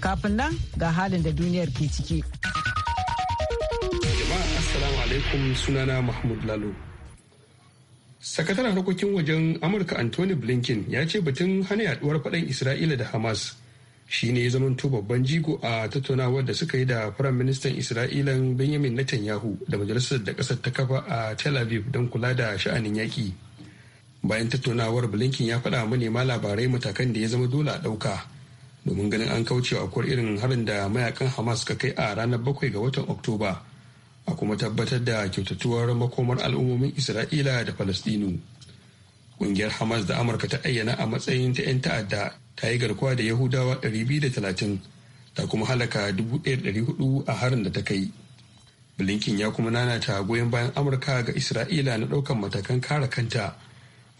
Kafin nan ga halin da duniyar ke ciki. Jama'a Assalamu alaikum sunana Mahmud Lalo. Sakataren harkokin wajen Amurka Anthony Blinken ya ce batun hana yaduwar faɗan Isra'ila da Hamas shi ne ya zamanto babban jigo a tattaunawar da suka yi da Firayim Ministan Isra'ilan Benjamin Netanyahu da majalisar da ƙasar ta kafa a Tel Aviv don kula da sha'anin yaƙi. Bayan tattaunawar Blinken ya faɗa manema labarai matakan da ya zama dole a ɗauka. domin ganin an kauce akwai irin harin da mayakan hamas ka kai a ranar bakwai ga watan oktoba a kuma tabbatar da kyautatuwar makomar al'ummomin isra'ila da falastinu ƙungiyar hamas da amurka ta ayyana a matsayin ta 'yan ta'adda ta yi garkuwa da yahudawa 230 ta kuma halaka 1,400 a harin da ta kai bilinkin ya kuma nanata goyon bayan amurka ga isra'ila na ɗaukan matakan kare kanta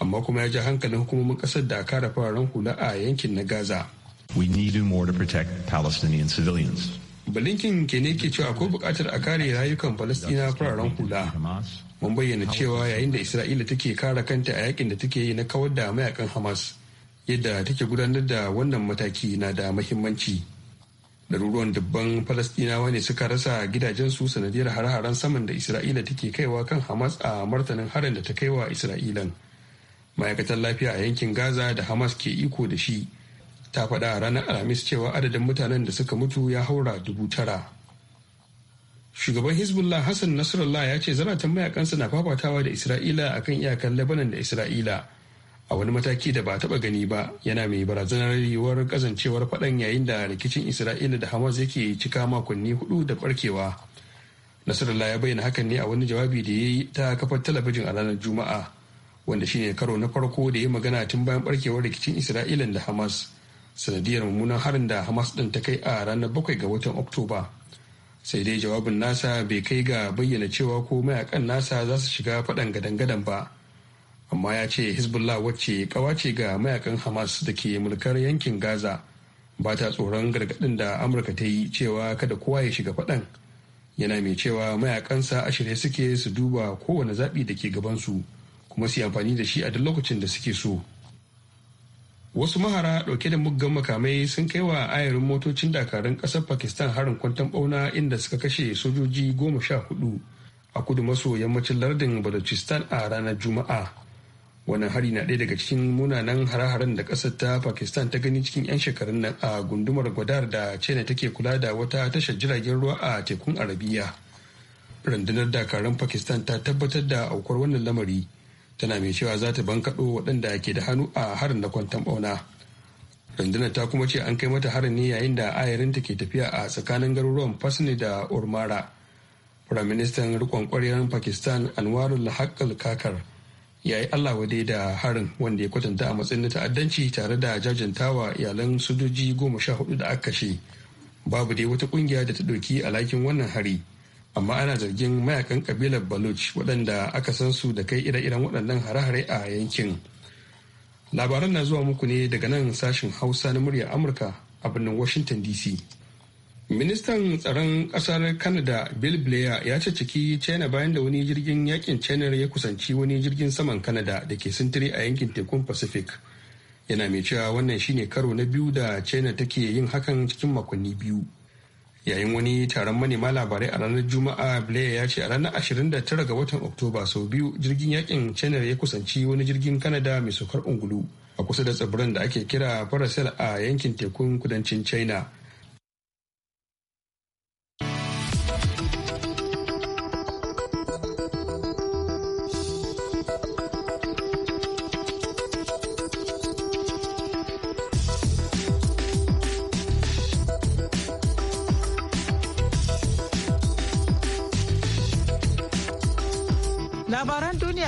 amma kuma ya ji hankalin hukumomin ƙasar da kare fararen hula a yankin na gaza We need to do more to protect Palestinian civilians. Blinken ke ne ke cewa akwai bukatar a kare rayukan Falastina fararen hula. Mun bayyana cewa yayin da Isra'ila take kare kanta a yakin da take yi na kawar da mayakan Hamas, yadda take gudanar da wannan mataki na da mahimmanci. Daruruwan dubban falasɗinawa ne suka rasa gidajensu sanadiyar hare-haren saman da Isra'ila take kaiwa kan Hamas a martanin harin da ta kaiwa Isra'ilan. Ma'aikatan lafiya a yankin Gaza da Hamas ke iko da shi. ta faɗa a ranar alhamis cewa adadin mutanen da suka mutu ya haura dubu tara shugaban hezbollah hassan nasrallah ya ce zaratan mayakansa na fafatawa da isra'ila akan iyakar lebanon da isra'ila a wani mataki da ba taba gani ba yana mai barazanar yiwuwar kazancewar faɗan yayin da rikicin isra'ila da hamas yake cika makonni hudu da barkewa nasrallah ya bayyana hakan ne a wani jawabi da ya yi ta kafar talabijin a ranar juma'a wanda shine karo na farko da ya magana tun bayan barkewar rikicin isra'ila da hamas sanadiyar mummunan harin da hamas din ta kai a ranar bakwai ga watan oktoba sai dai jawabin nasa bai kai ga bayyana cewa ko mayakan nasa za su shiga faɗan gadan-gadan ba amma ya ce hezbollah wacce kawace ga mayakan hamas da ke mulkar yankin gaza ba ta tsoron gargaɗin da amurka ta yi cewa kada kowa ya shiga faɗan yana mai cewa mayakansa a shirye suke su duba kowane zaɓi da ke gabansu kuma su yi amfani da shi a duk lokacin da suke so wasu mahara dauke da muggan makamai sun kai wa ayarin motocin dakarun kasar pakistan harin kwantan bauna inda suka kashe sojoji goma sha hudu a kudu maso yammacin lardin balochistan a ranar juma'a wani hari na ɗaya daga cikin munanan hare-haren da ƙasar ta pakistan ta gani cikin 'yan shekarun nan a gundumar gwadar da china take kula da wata tashar jiragen ruwa a tekun arabiya rundunar dakarun pakistan ta tabbatar da aukuwar wannan lamari tana mai cewa za ta bankaɗo waɗanda ke da hannu a harin na kwantan ɓauna rundunar ta kuma ce an kai mata harin ne yayin da ayarinta ke tafiya a tsakanin garuruwan fasni da urmara firaministan rikon kwarewar pakistan anwarul haqqal kakar ya yi allah wade da harin wanda ya kwatanta a matsayin na ta'addanci tare da jajantawa iyalan sojoji goma sha hudu da aka kashe babu dai wata kungiya da ta ɗauki alhakin wannan hari amma ana zargin mayakan kabilar baloch waɗanda aka san su da kai ire-iren waɗannan hare-hare a yankin labaran na zuwa muku ne daga nan sashen hausa na muryar amurka a birnin washington dc ministan tsaron ƙasar canada bill blair ya ce ciki china bayan da wani jirgin yakin china ya kusanci wani jirgin saman canada da ke sintiri a yankin tekun pacific yana mai cewa wannan shine karo na biyu da china take yin hakan cikin makonni biyu yayin wani taron manema labarai a ranar juma'a blair ya ce a ranar 29 ga watan oktoba sau biyu jirgin yakin channel ya kusanci wani jirgin kanada mai saukar ungulu a kusa da tsibiran da ake kira paracel a yankin tekun kudancin china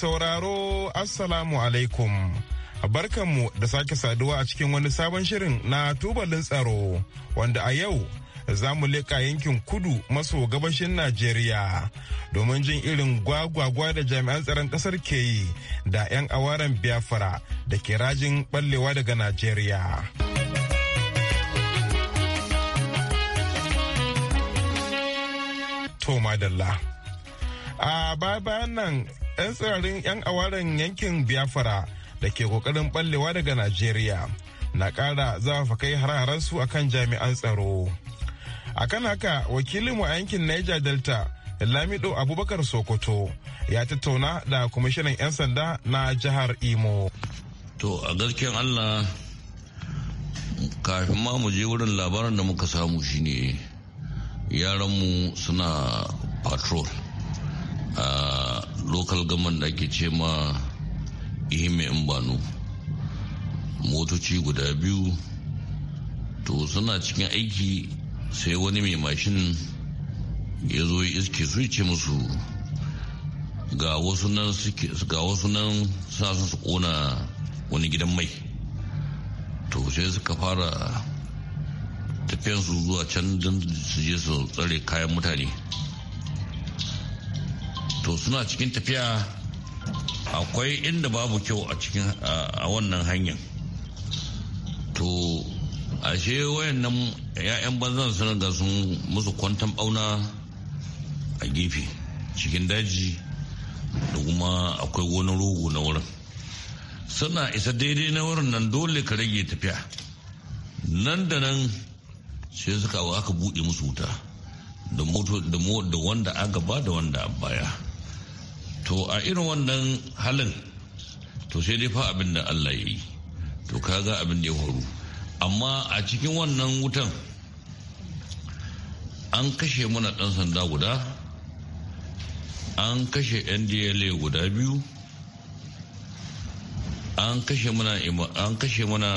sauraro Assalamu alaikum. Barkanmu da sake saduwa a cikin wani sabon shirin na tubalin tsaro wanda a yau za mu leƙa yankin kudu maso gabashin Najeriya domin jin irin gwagwagwa da jami'an tsaron ƙasar ke yi da 'yan awaren Biafra da ke rajin ɓallewa daga Najeriya. Toma A baya bayan nan 'yan tsirarin 'yan awaren yankin biafra da ke kokarin ballewa daga najeriya na kara zafa kai har-haransu a kan jami'an tsaro a kan haka wakilin mu a yankin niger delta lamido abubakar sokoto ya tattauna da kwamishinan 'yan sanda na jihar imo to a garken allah kafin ma mu je wurin labaran da muka samu shine yaran mu suna patrol local government da ke ce ma ihime banu motoci guda biyu to suna cikin aiki sai wani mai mashin ya zo ya iske su ce musu ga wasu nan ga wasu nan sa su kona wani gidan mai to sai suka fara tafiyansu zuwa can don su je su tsare kayan mutane to suna cikin tafiya akwai inda babu kyau a cikin a wannan hanyar to ashe wayannan ya'yan banzan suna ga sun musu kwantan bauna a gefe cikin daji da kuma akwai wani rogo na wurin suna isa daidai na wurin nan dole ka rage tafiya nan da nan sai suka aka buɗe musu wuta da wanda aka ba da wanda a baya to a irin wannan halin to sai dai fa abin da Allah ya yi to kaga abin da ya horu amma a cikin wannan wutan an kashe mana ɗan sanda guda an kashe ndla guda biyu an kashe muna an kashe mana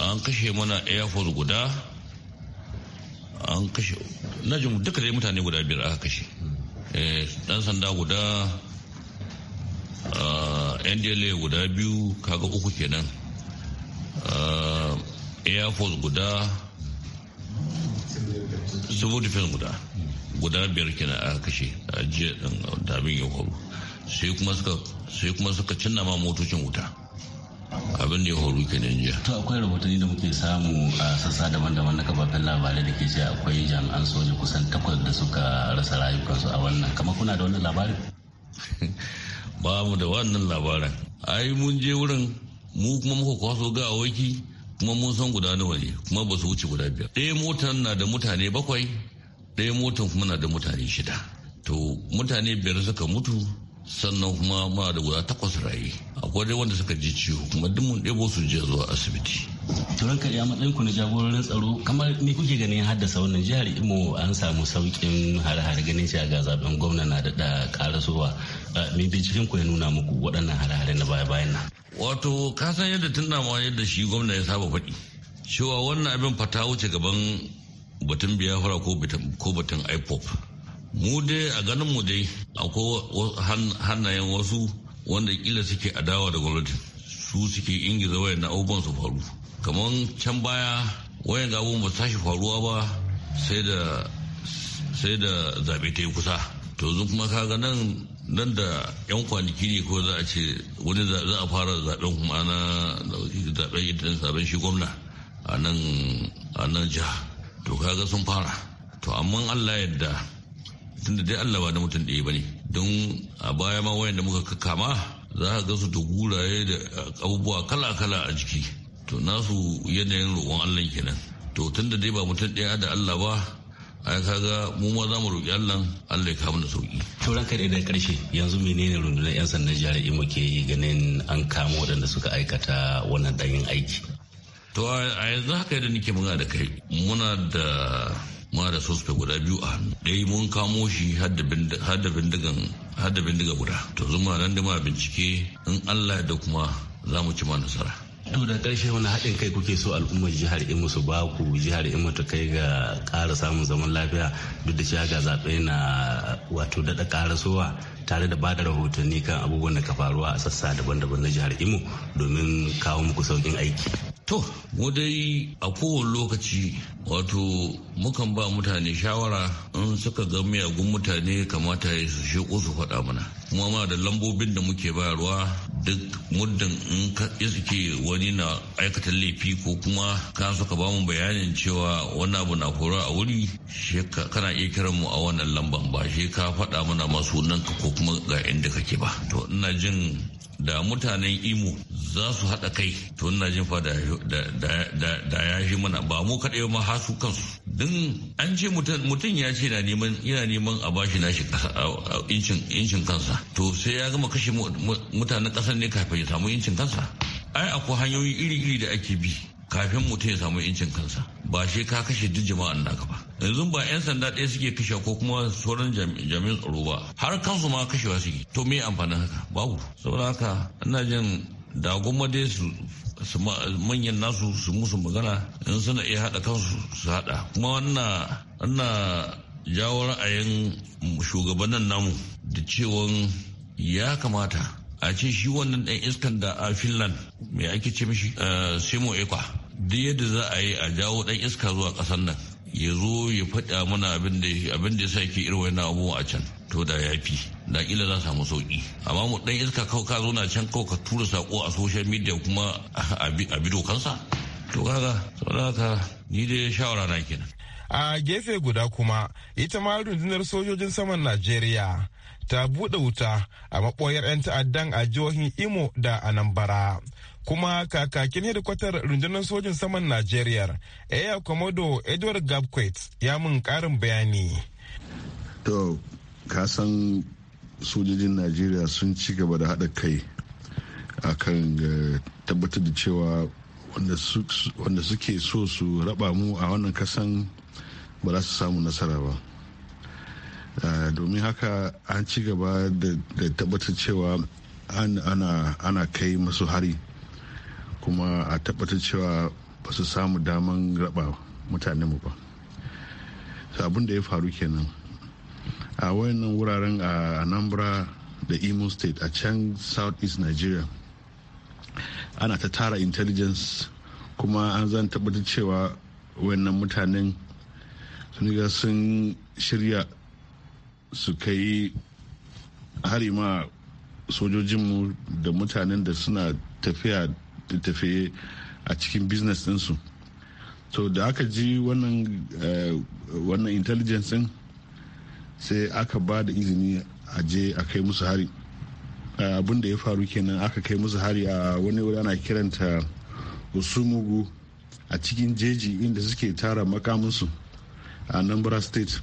an kashe mana air force guda an kashe na jin duka dai mutane guda biyar aka kashe eh, dan sanda guda ah, ndla guda biyu kaga uku kenan ah, air force guda civil defense guda guda biyar kenan aka kashe a jiya din damin ya hau sai kuma suka cinna ma motocin wuta abin da ya horu kenan jiya to akwai rahotanni da muke samu a sassa daban-daban na kafafen labarai da ke cewa akwai jami'an soja kusan takwas da suka rasa rayukansu a wannan kamar kuna da wannan labarin ba mu da wannan labarin ai mun je wurin mu kuma muka kwaso ga waki kuma mun san guda nawa ne kuma ba su wuce guda biyar ɗaya motar na da mutane bakwai ɗaya motar kuma na da mutane shida to mutane biyar suka mutu sannan kuma muna da guda takwas raye akwai dai wanda suka ji ciwo kuma duk mun ɗebo su je zuwa asibiti turan ka ya matsayin ku na jagororin tsaro kamar ni kuke ganin haddasa wannan jihar imo an samu saukin hare-hare ganin shi ga zaben gwamna na da karasowa eh, me binciken ku ya nuna muku waɗannan hare-hare na baya-bayan nan wato ka san yadda tun ma yadda shi gwamna ya saba faɗi cewa wannan abin fata wuce gaban batun biyafara ko batun ipop mu dai a ganin mu dai akwai hannayen wasu wanda kila suke adawa da gwamnati su suke ingiza wayan abubuwan su faru kamar can baya wayan abubuwan ba tashi faruwa ba sai da zabe da ta yi kusa to kuma kaga nan nan da yan kwanaki ne ko za a ce wani za a fara zaɓen kuma na zaben ita zaben shi gwamna a nan jiha to kaga sun fara to amma allah yadda tunda dai Allah ba na mutum ɗaya bane don a baya ma wayan da muka kama za ka ga su da guraye da abubuwa kala-kala a jiki to nasu yanayin roƙon Allah kenan to tunda dai ba mutum ɗaya da Allah ba a kaga mu ma za mu roƙi Allah Allah ya kawo mana sauki. To ranka da karshe yanzu menene rundunar 'yan sandan jihar Imo ke yi ganin an kama waɗanda suka aikata wannan ɗanyen aiki. To a yanzu haka yadda nake muna da kai muna da muna da sospe guda biyu a hannu mun kamo shi har bindiga guda to zuma nan da ma bincike in allah da kuma za mu ci ma nasara to da karshe wani haɗin kai kuke so al'ummar jihar imo su ba ku jihar imo ta kai ga ƙara samun zaman lafiya duk da cewa ga zaɓe na wato daɗa ƙarasowa tare da bada rahotanni kan abubuwan da ka faruwa a sassa daban-daban na jihar imo domin kawo muku sauƙin aiki to mu dai a kowane lokaci wato mukan ba mutane shawara in suka ga miyagun mutane kamata ya su shi su faɗa mana kuma ma da lambobin da muke bayarwa duk muddin in ka iske wani na aikata laifi ko kuma ka suka ba mu bayanin cewa wani abu na horo a wuri kana iya kiran mu a wannan lamban ba shi ka faɗa mana masu nan ko kuma ga inda kake ba to ina jin da mutanen imo za su haɗa kai to ina jin fa da ya shi mana ba mu kaɗai ma har su kansu in an ce mutum ya ce yana neman a bashi nashi incin kansa to sai ya gama kashe mutanen kasar ne kafin ya samu incin kansa ai akwai hanyoyi iri-iri da ake bi kafin mutum ya samu incin kansa ba shi ka kashe duk jama'an naka ba yanzu ba 'yan sanda ɗaya suke kashe ko kuma sauran jami'in tsaro ba har kansu ma kashewa suke to me amfanin haka babu saboda haka ina jin da dai su manyan nasu su musu magana in suna iya haɗa kansu su haɗa kuma wannan ana jawo ra'ayin shugabannin namu da cewan ya kamata a ce shi wannan ɗan iskan da a finland mai ake ce mishi eh, simo ekwa duk yadda za a yi a jawo ɗan iska zuwa ƙasar nan ya zo ya faɗa mana abin da ya sa ke irin wani abubuwa a can to da ya fi na ila za samu sauki amma mu dan iska kawai ka zo na can kawai ka tura saƙo a social media kuma a bi dokansa to kaga saboda haka ni dai shawara na kenan a gefe guda kuma ita ma rundunar sojojin saman najeriya ta buɗe wuta a maɓoyar 'yan ta'addan a jihohin imo da anambara kuma kakakin hedikwatar rundunar sojin saman najeriya air komodo edward gabquet ya mun karin bayani to kasan sojojin najeriya sun ci gaba da haɗa kai akan eh, tabbatar da cewa wanda suke so su raba mu a wannan kasan ba za su samu nasara ba eh, domin haka an ci gaba da tabbatar cewa ana kai masu hari kuma a tabbatar cewa ba su samu daman raba mutanenmu ba abin da ya faru kenan a wayannan wuraren a anambra da imo state a can southeast nigeria ana ta tara intelligence kuma an zan tabbatar cewa wayannan mutanen sun ga sun shirya su kai hari ma sojojinmu da mutanen da suna tafiya tafiye a cikin business su to da aka ji eh, wannan intelligence ɗin sai aka ba da izini a je a kai musu hari eh, abin da ya faru kenan aka kai musu hari a wani wuri ana kiranta usumugu a cikin jeji inda suke tara makaminsu a nambra state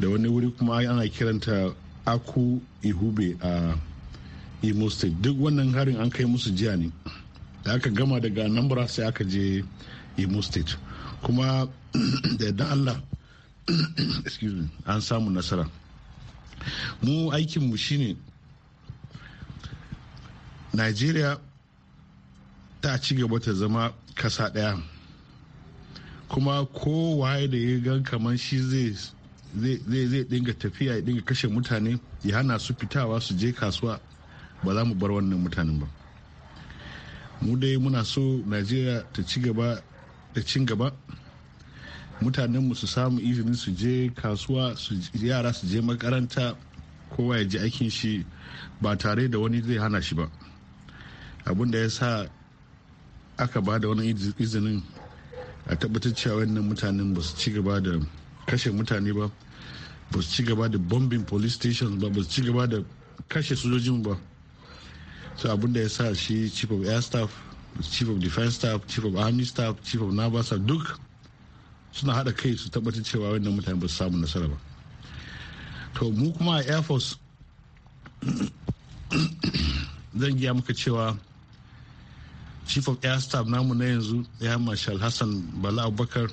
da wani wuri kuma ana kiranta aku ihube a imo state duk wannan harin an kai musu jiya ne da aka gama daga anambra sai aka je imo state kuma da yadda allah an samu nasara mu aikinmu shine nigeria ta ci gaba ta zama kasa daya kuma kowaye da ya gan kamar shi zai zai dinga tafiya ya dinga kashe mutane ya hana su fitawa su je kasuwa ba za mu bar wannan mutanen ba mu dai muna so najeriya ta ci gaba da cin gaba mutanenmu su samu izinin su je kasuwa su yara su je makaranta kowa ya ji aikin shi ba tare da wani zai hana shi ba abin da ya sa aka ba da wani izinin a tabbatar cewa wannan mutanen ba su ci gaba da kashe mutane ba ba su ci gaba da bombing police stations ba ba su ci gaba da kashe sojojin ba so abinda ya sa shi chief of air staff chief of defense staff chief of army staff chief of naval staff duk suna hada kai su tabbatar cewa wannan mutane ba su samu nasara ba to mu kuma a air force zan giya muka cewa chief of air staff namu na yanzu ya marshal hassan bala abubakar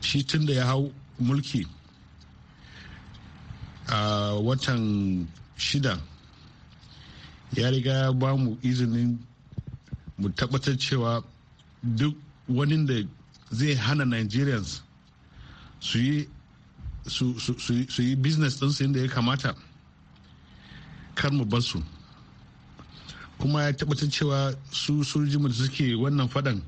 shi tun da ya hau mulki a watan shida ya riga ya ba mu izinin mu tabbatar cewa duk wani da zai hana nigerians su yi su yi business ɗinsu inda ya kamata kar mu bar su kuma ya tabbatar cewa su sojojinmu da suke wannan fadan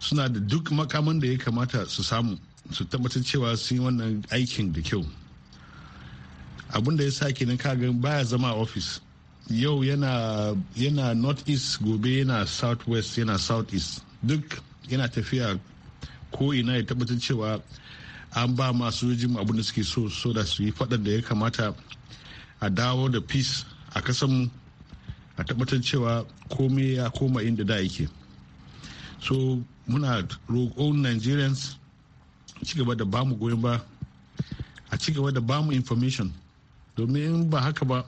suna da duk makaman da ya kamata su samu su tabbatar cewa sun yi wannan aikin da kyau abinda da ya sa kenan kagan baya zama a ofis yau yana north east gobe yana south west yana south east duk yana tafiya ko ina ya tabbatar cewa an ba masu jin abin da suke so so da su yi fadar da ya kamata a dawo da peace a kasan a tabbatar cewa komai ya koma inda da yake so muna roƙon nigerians ci gaba da bamu goyon ba a ci gaba da bamu information domin ba haka ba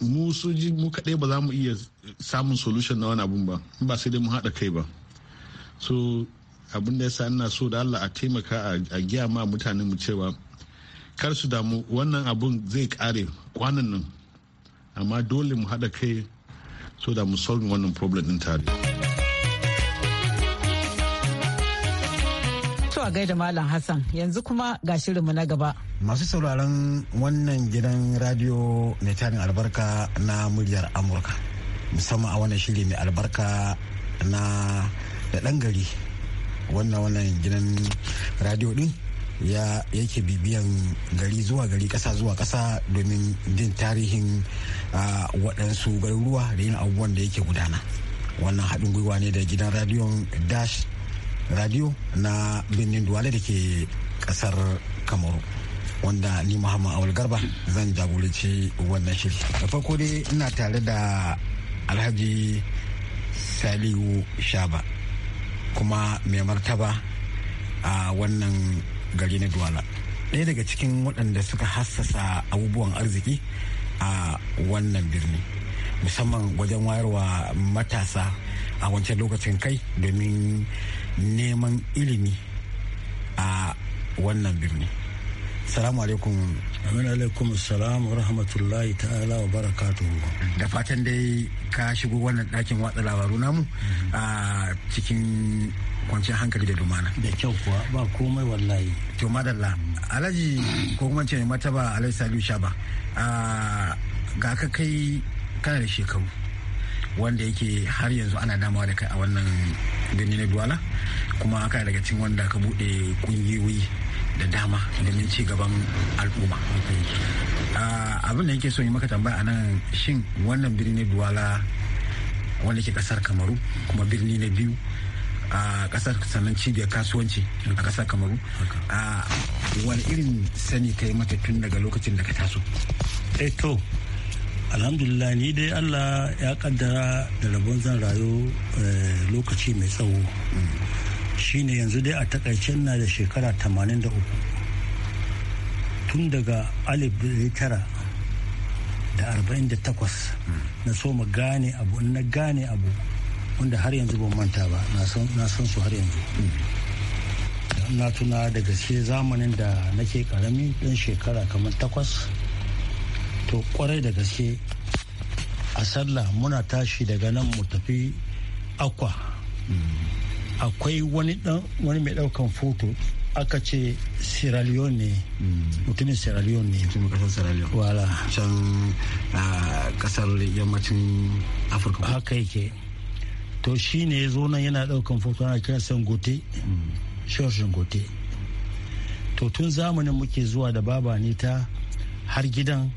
mu soji mu kaɗai ba za mu iya samun solution na wani abun ba ba sai dai mu haɗa kai ba so abin da yasa ina so da Allah a taimaka a giya ma mutane mu cewa kar su damu wannan abun zai kare kwanan nan amma dole mu haɗa kai so da mu solve wannan problem ɗin tare. To a gaida Malam Hassan yanzu kuma ga shirinmu na gaba. Masu sauraron wannan gidan radio mai tarin albarka na muryar Amurka musamman a wannan shiri mai albarka na da ɗan gari wannan wannan gidan radio ɗin ya yake bibiyan gari zuwa gari ƙasa zuwa ƙasa domin jin tarihin waɗansu garuruwa da yin abubuwan da yake gudana. Wannan haɗin gwiwa ne da gidan radio Dash radio na birnin duwale da ke kasar kamaru wanda ni muhammad awal garba zan jagoranci wannan shiri da farko dai ina tare da alhaji saliu shaba kuma mai martaba a wannan gari na duwala ɗaya daga cikin waɗanda suka hassasa abubuwan arziki a wannan birni musamman wajen wayarwa matasa a wancan lokacin kai domin neman ilimi a wannan birni salamu alaikum amin alaikum salam wa rahmatullahi ta'ala wa barakatuhu da fatan dai ka shigo wannan ɗakin watsa labaru namu mhm. a cikin kwanciyar hankali da lumana da kyau kuwa ba komai wallahi to madalla alhaji ko kuma ce mataba alhaji sha shaba ga ka kai kana da shekaru wanda yake har yanzu ana damawa da kai a wannan gani na duwala kuma aka daga cikin wanda ka bude ƙungiyoyi da dama domin ci gaban al'umma ah, abin da yake so yi maka tambaya a nan shin wannan birnin duwala wanda ke kasar kamaru kuma birni na biyu a kasar sannan cibiyar kasuwanci a kasar kamaru ah, wani irin sani yi mata tun daga lokacin da ka taso eh to alhamdulillah ni dai allah ya kaddara da rabon zan rayu eh, lokaci mai tsawo shine yanzu dai a takaicen na da shekara 83 tun daga alif tara da 48 na so mu gane abu na gane abu wanda har yanzu ban manta ba na san su har yanzu na tuna da gaske zamanin da nake karami dan shekara kamar takwas to kwarai da gaske a sallah muna tashi daga nan mu tafi akwa akwai wani wani mai daukan foto aka ce sierra leone hmm. mutumin sierra leone mutumin kasar sierra leone wala can kasar ah, yammacin afirka haka yake to shi ne zo nan yana daukan foto ana kiran san gote shoshin hmm. gote to tun zamanin muke zuwa da baba ne ta har gidan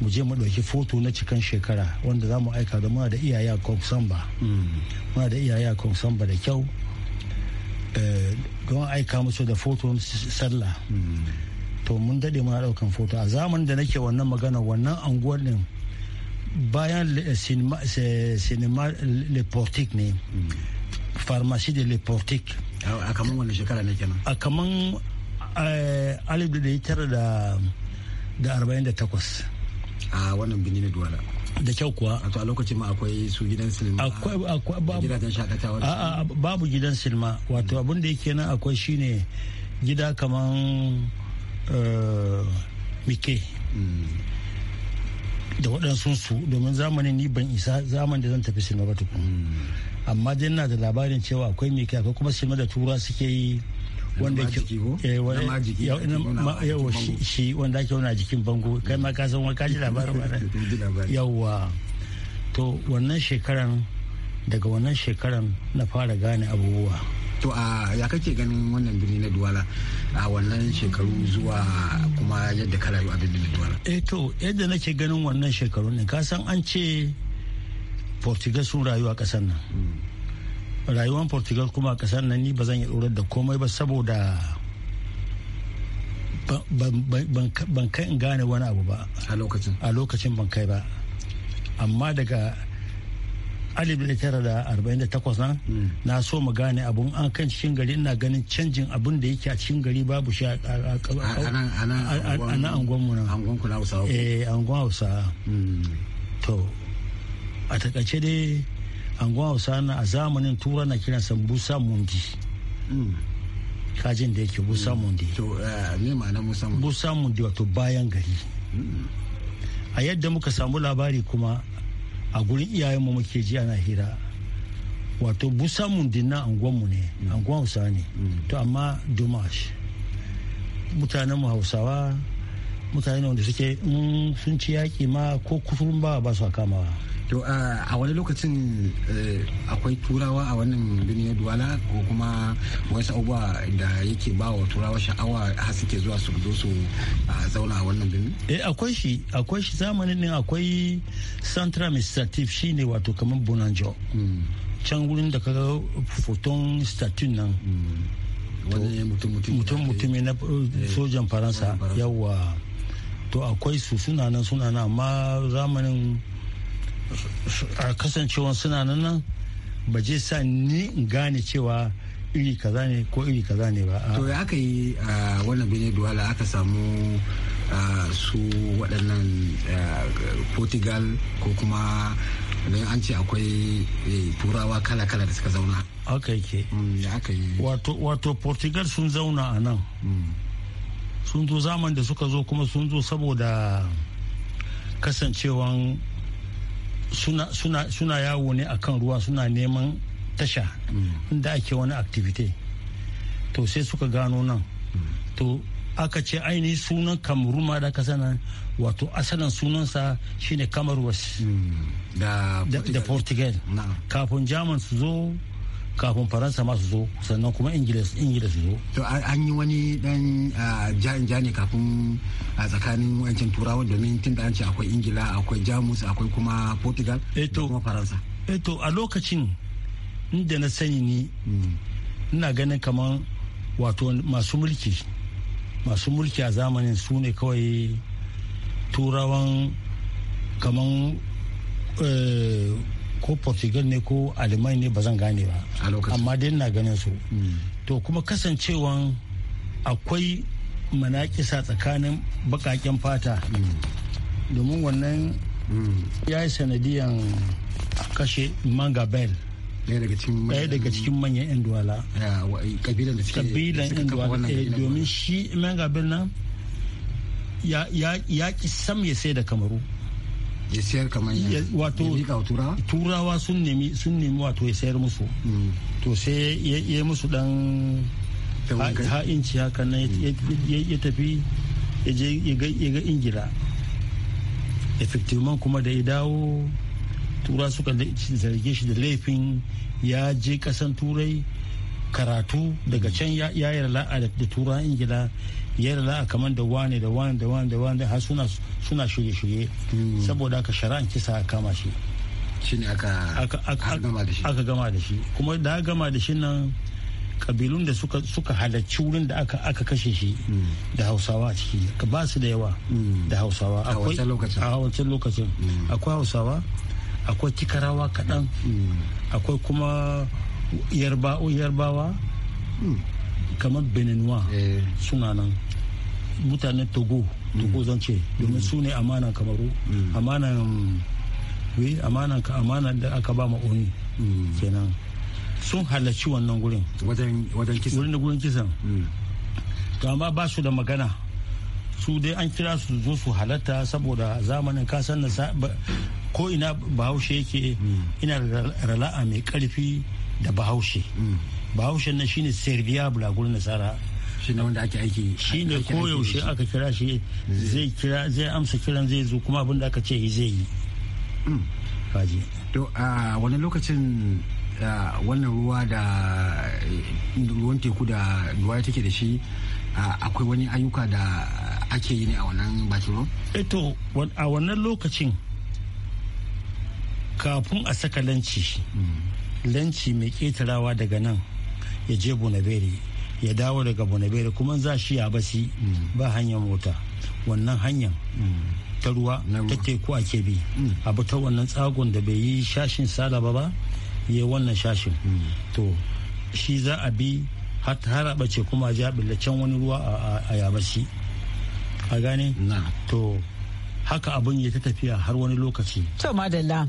mu je mu ɗauki foto na cikan shekara wanda za mu aika da muna da iyaya kwamsamba mm. muna da iyaya kwamsamba da kyau eh, don aika musu da foton sallah mm. to mun daɗe muna ɗaukan foto a zamanin da nake wannan magana wannan anguwar ɗin bayan cinema eh, le portique ne mm. pharmacie de le portique a kaman wani shekara ne kenan a kaman eh, alif da tara da arba'in da takwas a wannan birni na duwala da kyau kuwa a to a lokacin ma akwai su gidan silma akwai akwai gidajen shakatawa a babu gidan silma wato abin da yake nan akwai shine gida kaman eh, mike mm. da waɗansu su domin zamanin ni ban isa zaman da zan tafi silma ba tukun mm. amma dai na da labarin cewa akwai mike akwai kuma silma da tura suke yi wanda ke yawa eh, shi wanda ake wani a jikin bango kai ma kasan wani kaji labarin yawa to wannan shekaran daga wannan shekaran na fara gane abubuwa to a ya kake ganin wannan birni na duwala a wannan shekaru zuwa kuma yadda ka rayu a birnin na duwala eh to yadda nake ganin wannan shekaru ne ka san an ce portugal sun rayu a kasar nan hmm. rayuwar portugal kuma a kasar nan ni ba zan yi tsorar da komai ba saboda ban kai in gane wani abu ba a lokacin ban kai ba amma daga 1948 nan hmm. na so mu gane abun an kan cikin gari ina ganin canjin abun da yake a cikin gari babu shi a nan mu nan angon hausa eh, hmm. to a takaice dai anguwa hausa na a zamanin tura na kiransa busa mundi hmm. kajin da yake busa hmm. mundi busa eh, mundi wato bayan gari hmm. a yadda muka samu labari kuma a gurin iyayenmu muke ji ana hira wato busa mundi na anguwanmu ne anguwan hausa ne to amma dumash mutanenmu hausawa mutane wanda suke sun ci yaƙi ma ko kufurin ba ba su kamawa to a wani lokacin eh, akwai turawa a wannan birnin na duwala ko kuma wasu abubuwa da yake ba wa turawa sha'awa har suke zuwa su zo su zauna a wannan birnin? eh akwai shi akwai shi zamanin ne akwai central administrative shine wato kamar bonanjo hmm. can wurin da kaga foton statue nan hmm. mutum mutumi na eh, sojan faransa yawa to akwai su suna nan suna nan amma zamanin a kasancewa suna nan nan ba je sa ni gane cewa iri kaza ne ko iri kaza ne ba to ya aka yi a wannan bene duwala aka samu su waɗannan portugal ko kuma don an ce akwai e, turawa kala-kala da suka zauna mm, aka yi ke yi wato portugal sun zauna a nan mm. sun zo zaman da suka zo kuma sun zo saboda kasancewan suna, suna, suna yawo ne akan ruwa suna neman tasha mm. inda ake wani activity to sai suka gano nan mm. to aka ce aini sunan kamaru ma da kasana wato asalin sunansa shine kamaru mm. da portugal kafin jaman su zo kafin faransa masu zo sannan kuma ingilis ingilis zo to an yi wani dan ja ne kafin a tsakanin wancan turawa domin tun da an ce akwai ingila akwai jamus akwai kuma portugal eh, da kuma faransa eto eh, a lokacin inda na sani ni hmm. ina ganin kamar wato masu mulki masu mulki a zamanin su ne kawai turawan kamar eh, ko portugal ne ko alemai ne ba zan gane ba amma dai na ganin su hmm. to kuma kasancewan akwai manakisa tsakanin bakaken fata hmm. domin wannan hmm. ya yi sanadiyan kashe manga bell daya daga cikin manyan yan duwala kabilan eh, yan duwala eh, domin shi manga bell nan ya ki sam ya sai da kamaru ya sayar kamar ya wato turawa sun nemi sun nemi wato ya sayar musu mm. to sai ya musu dan ha inci haka na ya tafi ya je ya ga ingila effectivement kuma da ya dawo tura suka zarge shi da laifin ya je kasan turai karatu daga mm. can ya yi da tura ingila yadda za a kamar da wane da wane da wane da wane har suna suna shirye-shirye hmm. saboda haka shari'an kisa a kama shi shine aka gama da shi aka gama da shi kuma da aka gama da shi nan kabilun da suka suka halarci wurin da aka aka kashe shi hmm. da hausawa a ciki ba su da yawa hmm. da hausawa a wancan lokacin akwai hausawa akwai kikarawa kaɗan akwai kuma yarbawa kamar beninwa eh. suna nan mutanen togo hmm. togo zan ce domin su ne amana kamaru hmm. amanan ka da aka ba ma oni hmm. kenan sun halarci wannan gurin wajen kisan da gurin kisan to amma ba su da magana su dai an kira su zo su halatta saboda zamanin kasan na ko ina bahaushe yake ina rala'a mai karfi da bahaushe bahaushen nan shine serviable a gurin nasara shi ne wanda ake aiki shi ne koyaushe aka kira shi zai kira zai amsa kiran zai zo kuma abin da aka ce zai yi mm. kaji to a wani lokacin wannan ruwa da ruwan teku da ruwa take da shi akwai wani ayyuka da ake yi ne a wannan bakin ruwan eto eh a wannan lokacin kafin a saka lanci mm. lanci mai ketarawa daga nan ya je bonaberi ya dawo daga bonaberi kuma za shi ya basi ba hanyar mota wannan hanyar ta ruwa ta teku a kebi abu ta wannan tsagon da bai yi shashin salaba ba ya wannan shashin to shi za a bi har a bace kuma ja can wani ruwa a yabashi a gane to haka abin ya ta tafiya har wani lokaci to madalla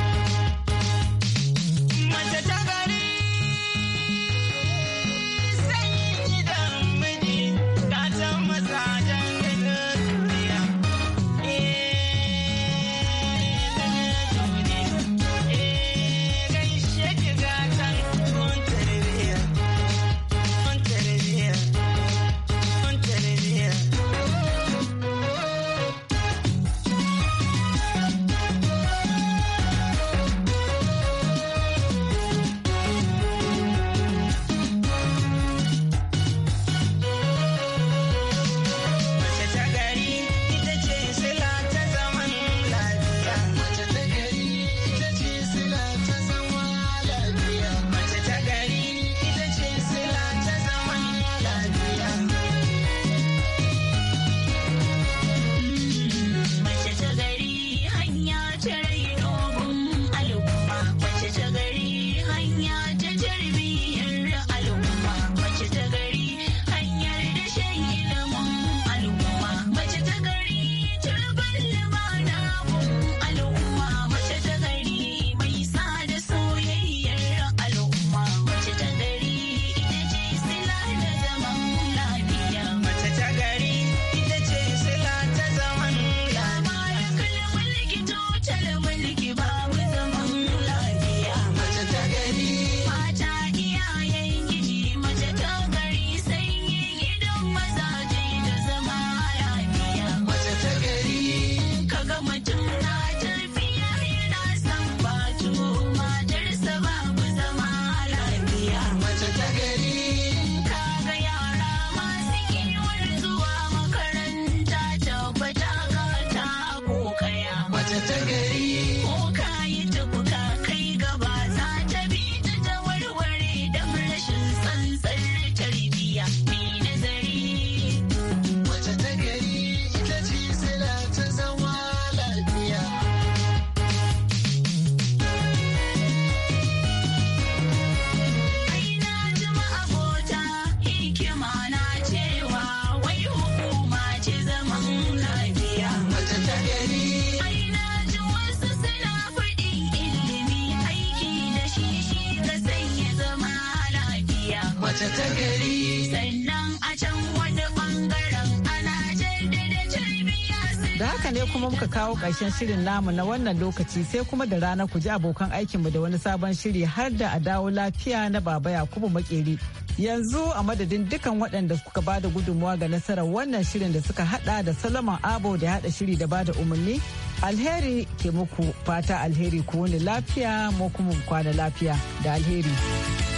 sai kuma muka kawo ƙarshen shirin namu na wannan lokaci sai kuma da rana ku ji abokan aikinmu da wani sabon shiri har da a dawo lafiya na baba yakubu makeri yanzu a madadin dukan waɗanda suka bada gudunmuwa ga nasarar wannan shirin da suka hada da salaman abo da hada shiri da bada umarni alheri ke muku fata alheri ku wani lafiya mu kuma kwana lafiya da alheri.